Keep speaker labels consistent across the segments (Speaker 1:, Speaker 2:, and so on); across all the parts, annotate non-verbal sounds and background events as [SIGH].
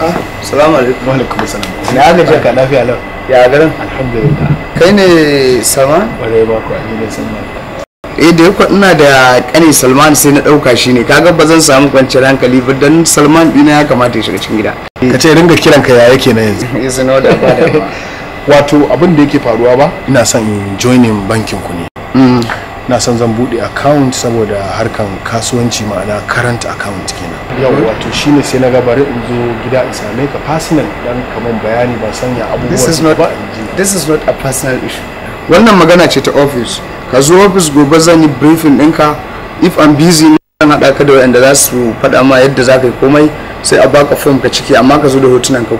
Speaker 1: ah salamu alaikum alaikum salam na ga je ka lafiya lau ya garin alhamdulillah kai ne sama bare ba ku ni ne sama eh da yau ina da kane Salman sai na dauka shi ne kaga ba zan samu kwanciyar hankali ba dan Salman dina ya kamata
Speaker 2: ya shiga cikin gida ka ce ringa kiran ka ya yake na yanzu yes [LAUGHS] no da ba wato abin da yake faruwa ba ina son joining bankin ku ne mm. na san zan buɗe account saboda harkan kasuwanci ma'ana current account kenan yau wato shine sai na bari in zo gida in same ka personal dan kaman bayani ban sanya abubuwa ba
Speaker 1: this is not a personal issue wannan magana ce ta office ka zo office gobe zan yi briefing ɗinka if i'm busy zan haɗa ka da wanda za su faɗa ma yadda za ka yi komai sai a baka form ka ciki amma ka zo da hotunan ka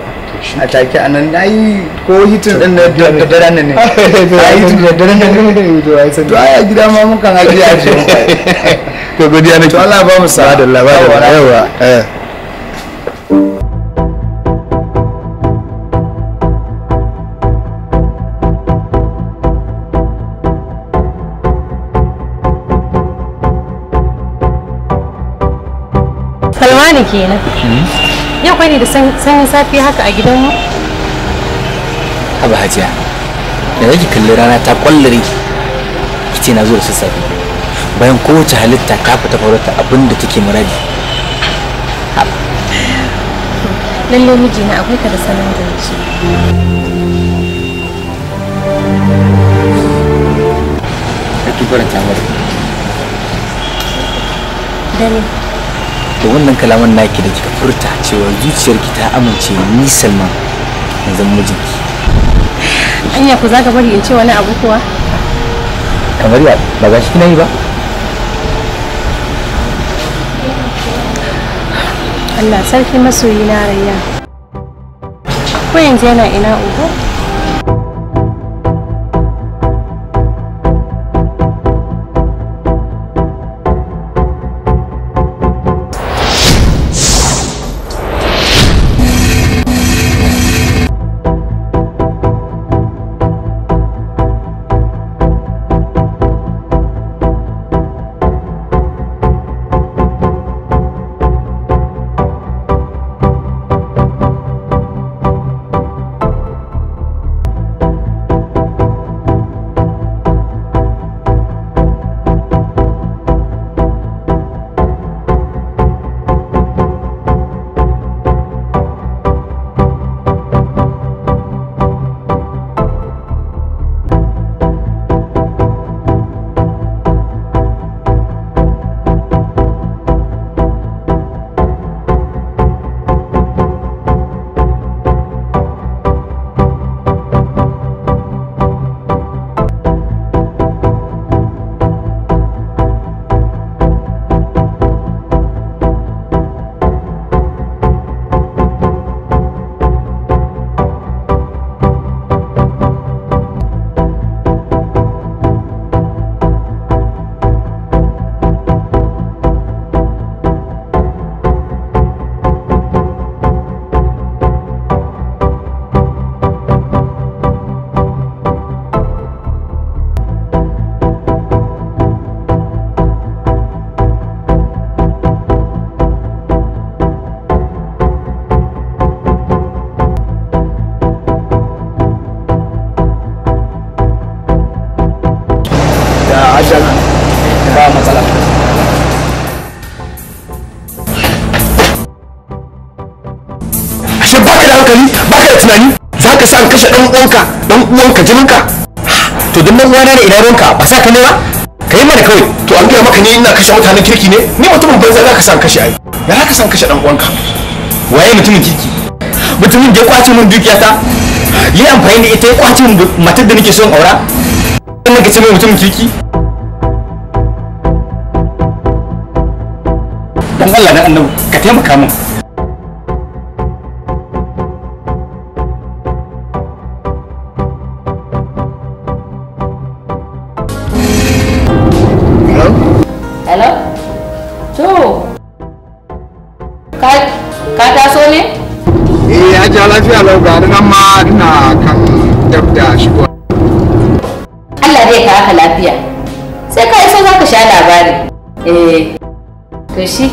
Speaker 1: a take a nan ko hitin din da daddaren nan ne a [LAUGHS] yi da daddaren [LAUGHS] nan ne to ai sai to ai gida ma mun kan haji a ce [LAUGHS] to godiya nake to Allah ba mu da yawa
Speaker 2: Salmani kenan. Hmm? yau kai ne da sanyin safiya haka a gidan mu haba hajiya da nake kalli rana ta kwallare ki ce na zo da sassafe bayan kowace halitta ta fita farauta abin da take muradi
Speaker 3: lalle mijina akwai ka da sanin zance
Speaker 2: Aki ta mara. Dani. da wannan kalaman naki da kika furta cewa zuciyarki ta amince ni salman na zan mijinki anya ku za ka bari in ce wani abu kuwa kamar ya ba za shi kina yi ba
Speaker 3: Allah sarki masoyi na rayya ko yanzu yana ina uku
Speaker 2: an kashe dan uwanka dan uwanka jininka to dan nan wani ne ina ruwanka ba sa ka ne ba kai mana kawai to an gaya maka ne ina kashe mutanen kirki ne ni mutumin banza za ka san kashe ai ya za ka san kashe dan uwanka waye mutumin kirki mutumin da ya kwace min dukiyata yi amfani da ita ya kwace min
Speaker 1: matar da nake son aura dan ka cewa mutumin kirki dan Allah dan annabi ka taimaka min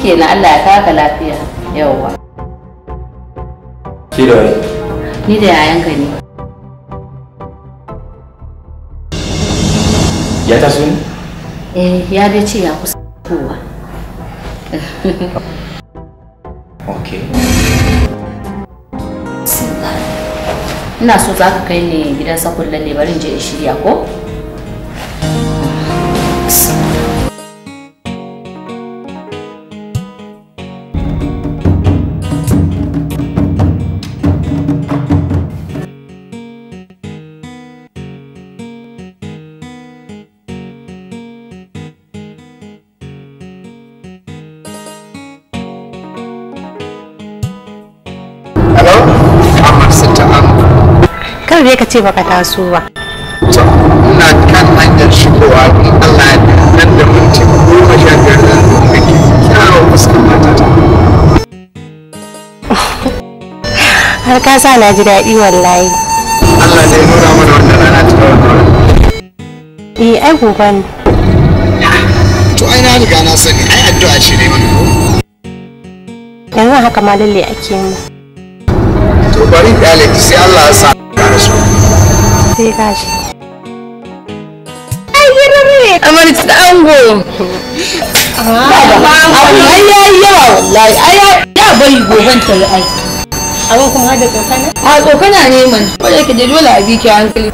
Speaker 3: shikenan Allah ya kaka lafiya yawwa ki da ni da yayanka ne ya ta sun? eh ya dai ce ya kusa kowa okay ina so za ka kai ni gidan sakon ne barin je in shirya ko
Speaker 2: ce baka taso ba
Speaker 1: ina kan hanyar shigowa in Allah ya nan da minti goma sha biyar da nake kyawa fuskar matata
Speaker 3: [LAUGHS] har ka sa na ji daɗi wallahi Allah ne nuna mana wannan rana ta wannan eh ai gobe ne
Speaker 1: to ai na riga na sani ai addu'a ce ne mana
Speaker 3: yanzu haka ma lalle ake mu
Speaker 1: to bari ɗalaki sai Allah ya sa ka rasu sai ka shi amar ci ango
Speaker 3: ah. ai ya yi ya bari goben ta yi ai abin kuma har da tsokana a tsokana ne man ko da yake da dole a bi ki hankali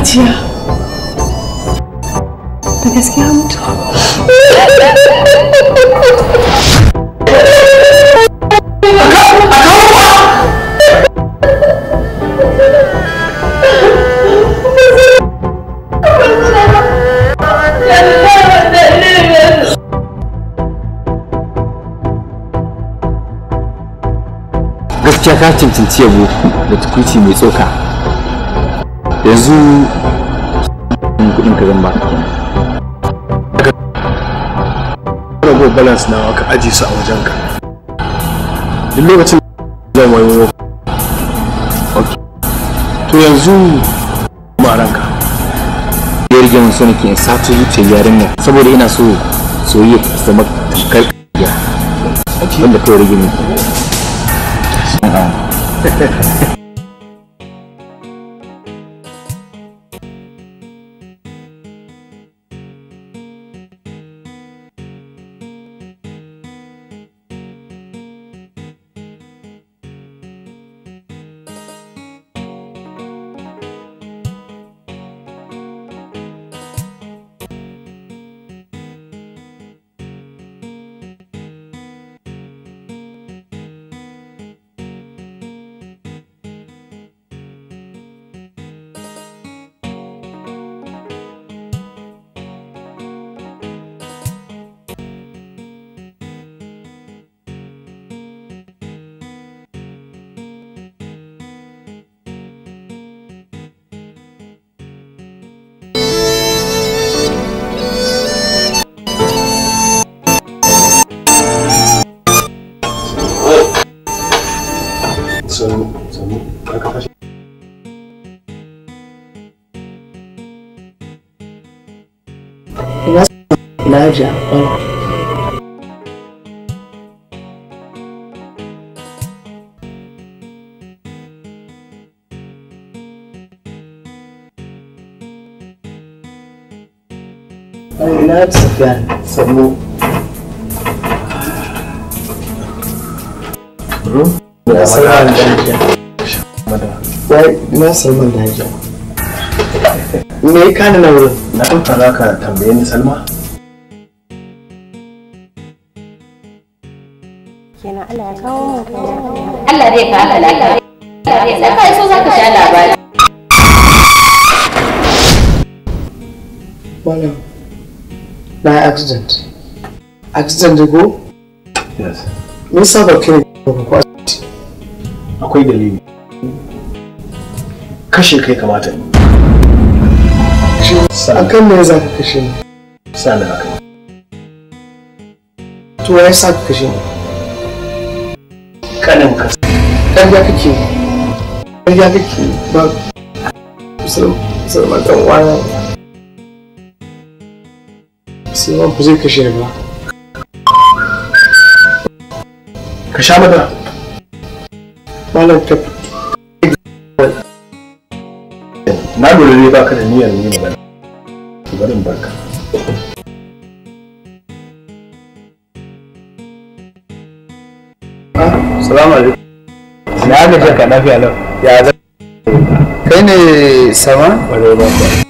Speaker 3: Hajiya. Da gaskiya mutu. gaskiya
Speaker 2: ka cancanci yabo da tukuci mai tsoka yanzu kudin ka zan baka rago balance na ka aji su a wajen ka duk lokacin zan wayo ok to yanzu ma ranka ya rige mun so nake sato zuciyar nan saboda ina so soyayya ta zama kai wanda ka rige mun
Speaker 1: na Japon.
Speaker 2: na tafiya sannu
Speaker 1: na na
Speaker 2: me ya kani na wurin na ɗauka za ka tambaye ni salma Allah zai ka haka lafiya. Da ka so za ka sha
Speaker 3: labari.
Speaker 1: Malam, na yi accident. Accident da go? Yes.
Speaker 2: Me yasa ba kai ba ku asibiti? Akwai dalili. Kashe kai kamata ne. A kan me za ka kashe ni? Sani haka. To ya sa ka kashe ni? kanin ka ƙarya kake ƙarya kake
Speaker 1: ba musulman ɗan wani ku zai kashe ba ka sha madara malam ka
Speaker 2: na lura ne baka da niyyar yi magana barka
Speaker 1: Salamu alaikum. Na ga jinka lafiya lau. Ya zai. Kai ne sama? Wadai ba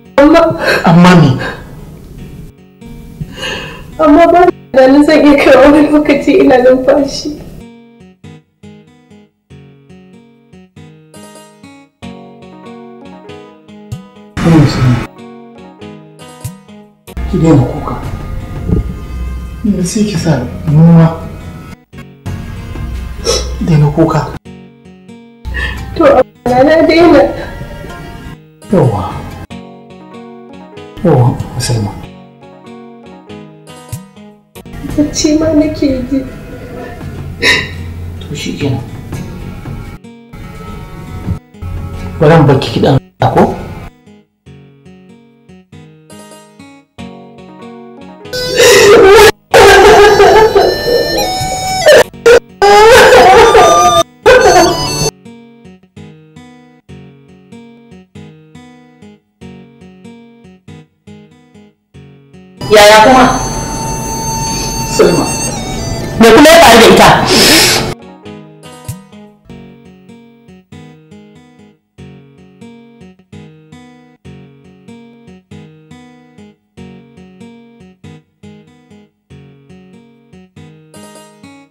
Speaker 1: iya kai wani lokaci ina numfashi
Speaker 2: ki daina kuka ina sai ki sa noma daina kuka to a na daina Yawwa, yawwa musamman bacci ma nake yi to shi baki
Speaker 3: yaya kuma Salma. Me kuma ya faru da ita?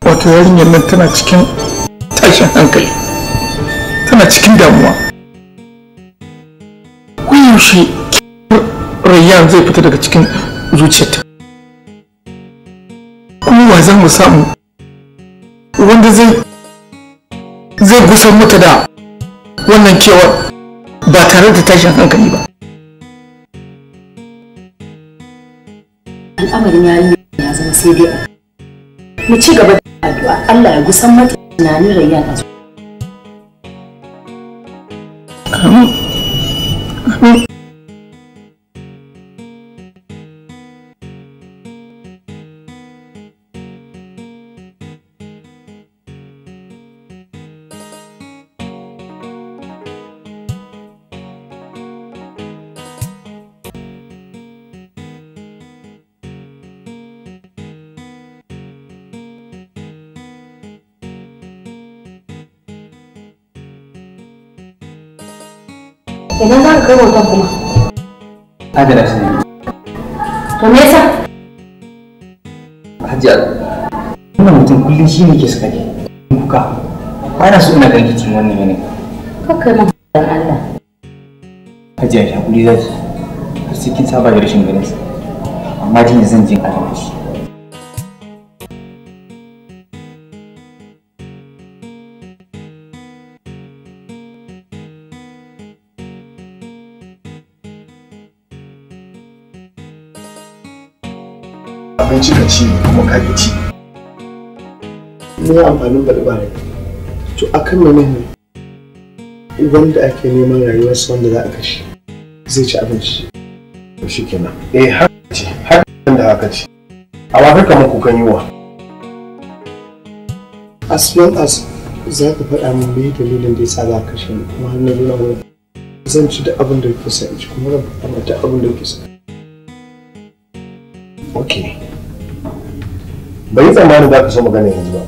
Speaker 2: Wato yarinyar nan tana cikin tashin hankali, tana cikin damuwa. Koyaushe Rayyan zai fita daga cikin zuciyarta. hanya za mu samu wanda zai zai gusar da
Speaker 3: wannan cewa ba tare da tashin hankali ba al'amarin yarinya ya zama sai dai mu ci gaba da addu'a Allah ya gusan mata tunanin rayuwa ta Amin. Amin.
Speaker 2: kai wautan kuma agada shi ne to me hajiya
Speaker 1: wannan mutum kullum es ke suka ke kuka ba so ina ganin ¿Qué wannan yanayi kakkai ma dan Allah hajiya ki zaki har sai kin saba rashin ganin amma dai zan je ƙarfi shi
Speaker 2: abinci ka ci kuma ka ci me amfanin barbare to akan menene wanda ake neman sa wanda za a kashe zai ci abinci to shi kenan eh har ce har da haka ce a wakar kamar kukan yiwa as long as za ka faɗa min me dalilin da yasa za
Speaker 1: ka kashe ni kuma har na zo na zan ci da abin da kusa in ci kuma zan faɗa mata abin da sa.
Speaker 2: okay bai yi tsammanin za ka so magana yanzu ba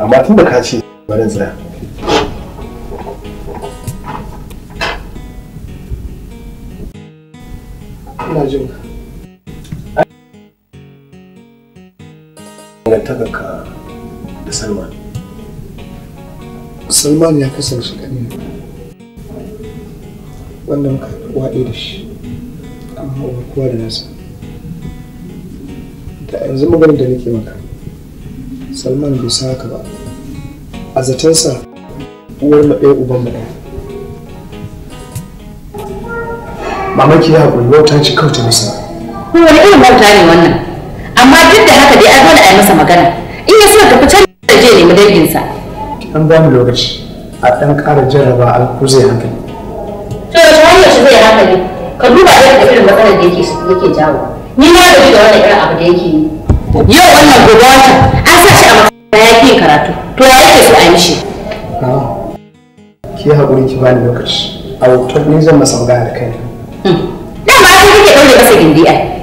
Speaker 2: amma tun da ka ce barin tsaya ina jin ka dangantakarka da salman salman ya kasance
Speaker 1: ƙanin wanda muka waɗe da shi amma kuwa da nasa yanzu maganin da nake maka salman bai san ba a zatensa
Speaker 2: uwar mu uban mu ɗaya mamaki ya haƙuri ta ci kauta masa wani irin wauta ne wannan amma duk da haka dai an dole a yi masa magana in ya so ka fita da je nemi danginsa
Speaker 1: an ba mu lokaci a ɗan ƙara jarraba a zai hankali
Speaker 2: to yaushe wani shi zai hankali ka duba da irin
Speaker 3: matsalar da yake jawo
Speaker 1: ni na gaji da wannan irin abu
Speaker 3: da yake yi yau wannan gobe wata an sa shi a makaranta ya ƙi karatu to ya yake so a yi mishi
Speaker 1: ki haƙuri ki bani lokaci a wutar ni zan masa magana da kai hmm.
Speaker 3: dama sai kake ɗaure masa gindi ai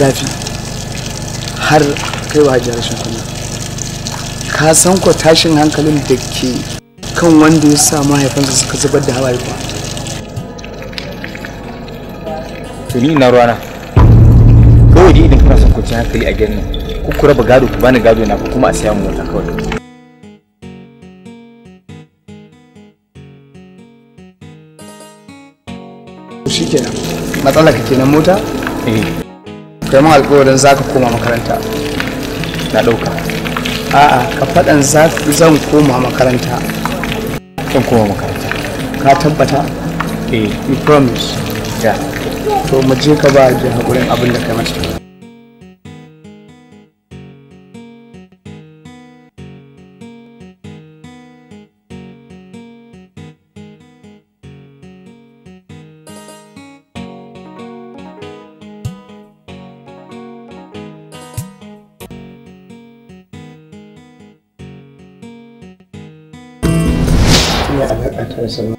Speaker 1: zafi har kai wa hajjiyar rashin ka san ko tashin hankalin da ke kan wanda ya sa mahaifansa suka zubar da hawaye kuwa
Speaker 2: tuni na rana kawai dai idan kana son
Speaker 1: kwanciyar hankali a gani ku kura ba gado ku bani gado na kuma a siya mu wata kawai shikenan matsalar kake kenan mota eh kai mun alƙawarin za ka koma makaranta na ɗauka a'a ka faɗan zan koma makaranta zan koma makaranta ka tabbata eh you promise ya to mu je ka ba ji haƙurin abin da kai masa
Speaker 2: a alaƙa ta salma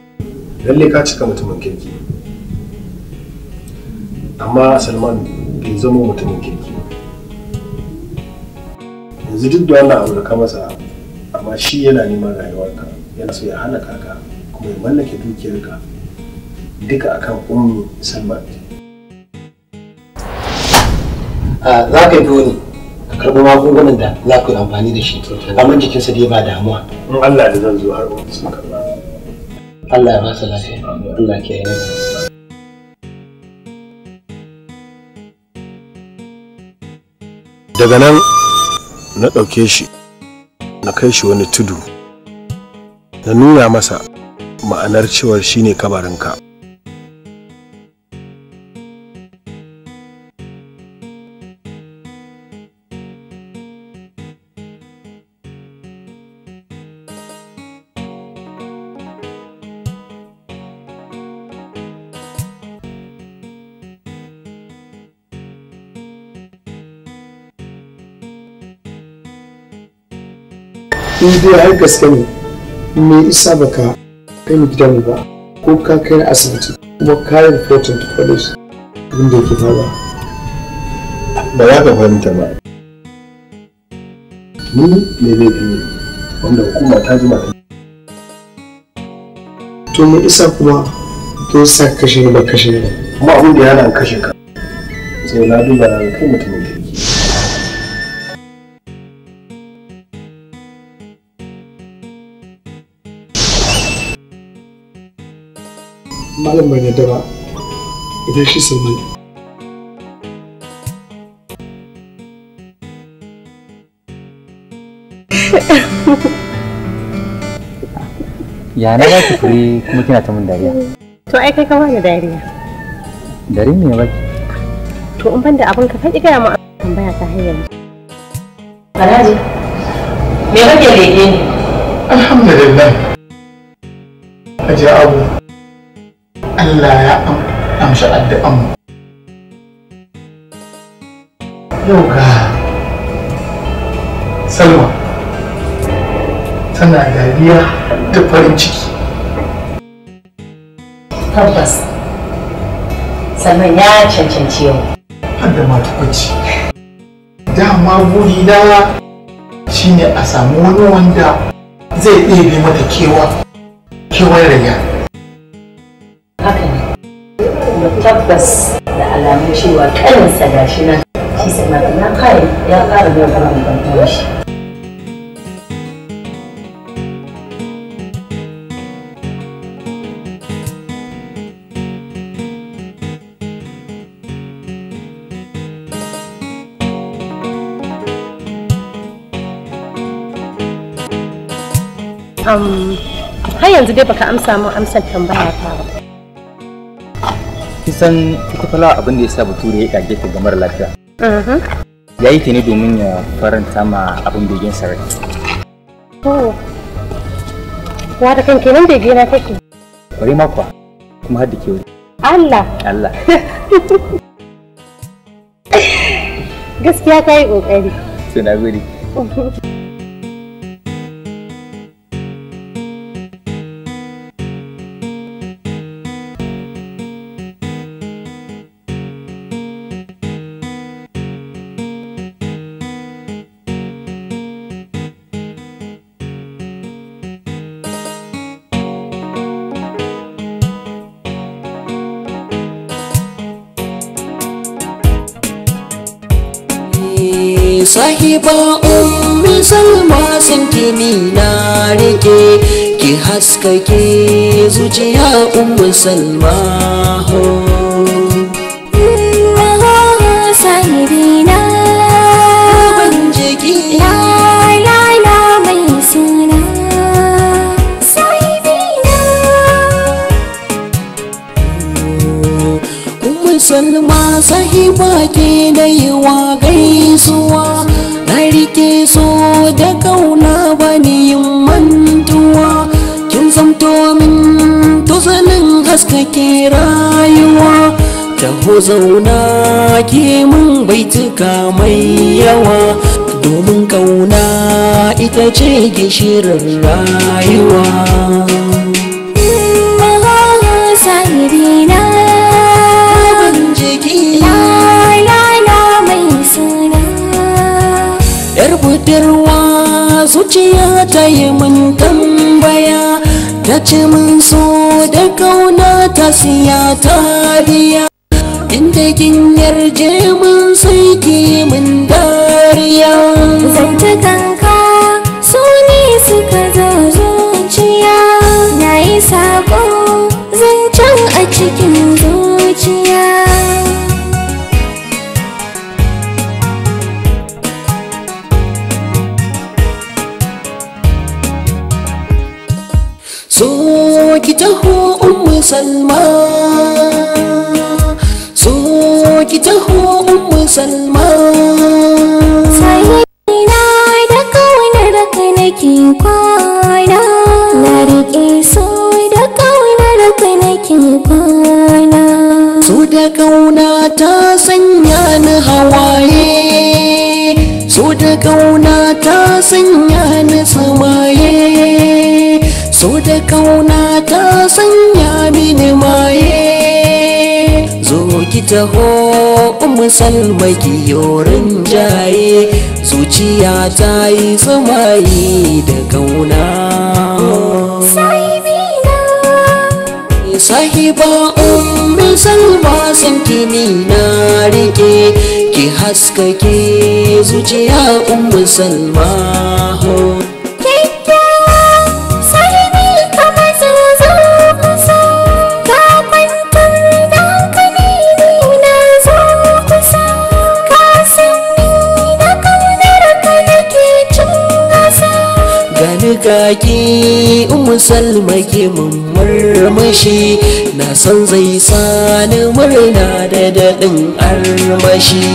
Speaker 2: lalle ka cika mutumin kirki amma salman bai zama mutumin kirki yanzu duk da wannan abu da ka masa amma shi yana neman rayuwarka yana so ya hana kaka kuma ya mallake dukiyarka duka akan ummi salman ah, za ka yi doni ka karɓi magungunan da za ku yi amfani da shi amma jikinsa dai ba damuwa in allah da zan zo har sun ka Allah ya ba su lafiya Allah daga nan na ɗauke shi na kai shi wani tudu na nuna masa ma'anar cewar shi ne kabarinka
Speaker 1: in dai har gaske ne me isa baka kai mu gidanmu ba ko ka kai na asibiti
Speaker 2: kuma ka yi reporting to college abin da yake faruwa ba za ka fahimta ba ni ne laifi ne wanda hukuma ta jima ta to me isa kuma to sa kashe ba kashe ba kuma abin da yana kashe ka sai na duba kai mutum ne
Speaker 1: wannan ban yadda idan shi sannan
Speaker 2: ya na ba ki fure kuma kina ta mun dariya to ai kai ka bani dariya Dari me ba to in ban da abin ka kai gaya mu
Speaker 3: tambaya ta hanyar Alhaji me kake leke ni
Speaker 2: alhamdulillah Aje Abu Allah ya amshi addu'an mu yau
Speaker 1: salma tana
Speaker 2: dariya da farin ciki tabbas salma ya cancanci yau har da matukwaci dama burina shine a samu wani wanda
Speaker 1: zai iya bi mata kewa kewar rayuwa tabbas da alamun cewa kaninsa ga shi nan shi ya kare ya fara gaba da shi
Speaker 3: har yanzu dai baka amsa mun amsar tambaya ta ba
Speaker 1: san kuka fala abin da ya sa bature ya kage ta gamar lafiya
Speaker 2: ya yi ta ne domin ya faranta ma abin begen sarai to wata kan kenan bege na kake bari makwa kuma har da ke wuri Allah Allah [LAUGHS] gaskiya ka yi ƙoƙari to na gode [LAUGHS]
Speaker 3: sahiba ummi salma sintini na rike ki haskake zuciya ummi salma ho salma sahiba ke da yiwa gaisuwa na rike so da kauna bani yin mantuwa kin zamto min tuzanin haska ke rayuwa taho zauna ke mun baituka mai yawa domin kauna ita ce gishirin rayuwa ta mun tambaya ta ce mun so da kauna ta siya ta biya inda kin yarje mun sai ki mun dariya zan ummu salma so ki taho ummu salma na da kaunar ka nake kwana na rike so da kaunar ka nake kwana so da kauna ta. taho musalma yorin jaye zuciya ta yi tsumayi da kauna sahiba ummi salma santimi na rike ki haskake zuciya ummi salma kaki umu salma ke mun murmushi na san zai sani murna da daɗin armashi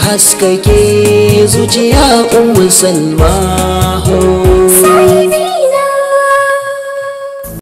Speaker 3: haskake zuciya umu salma ho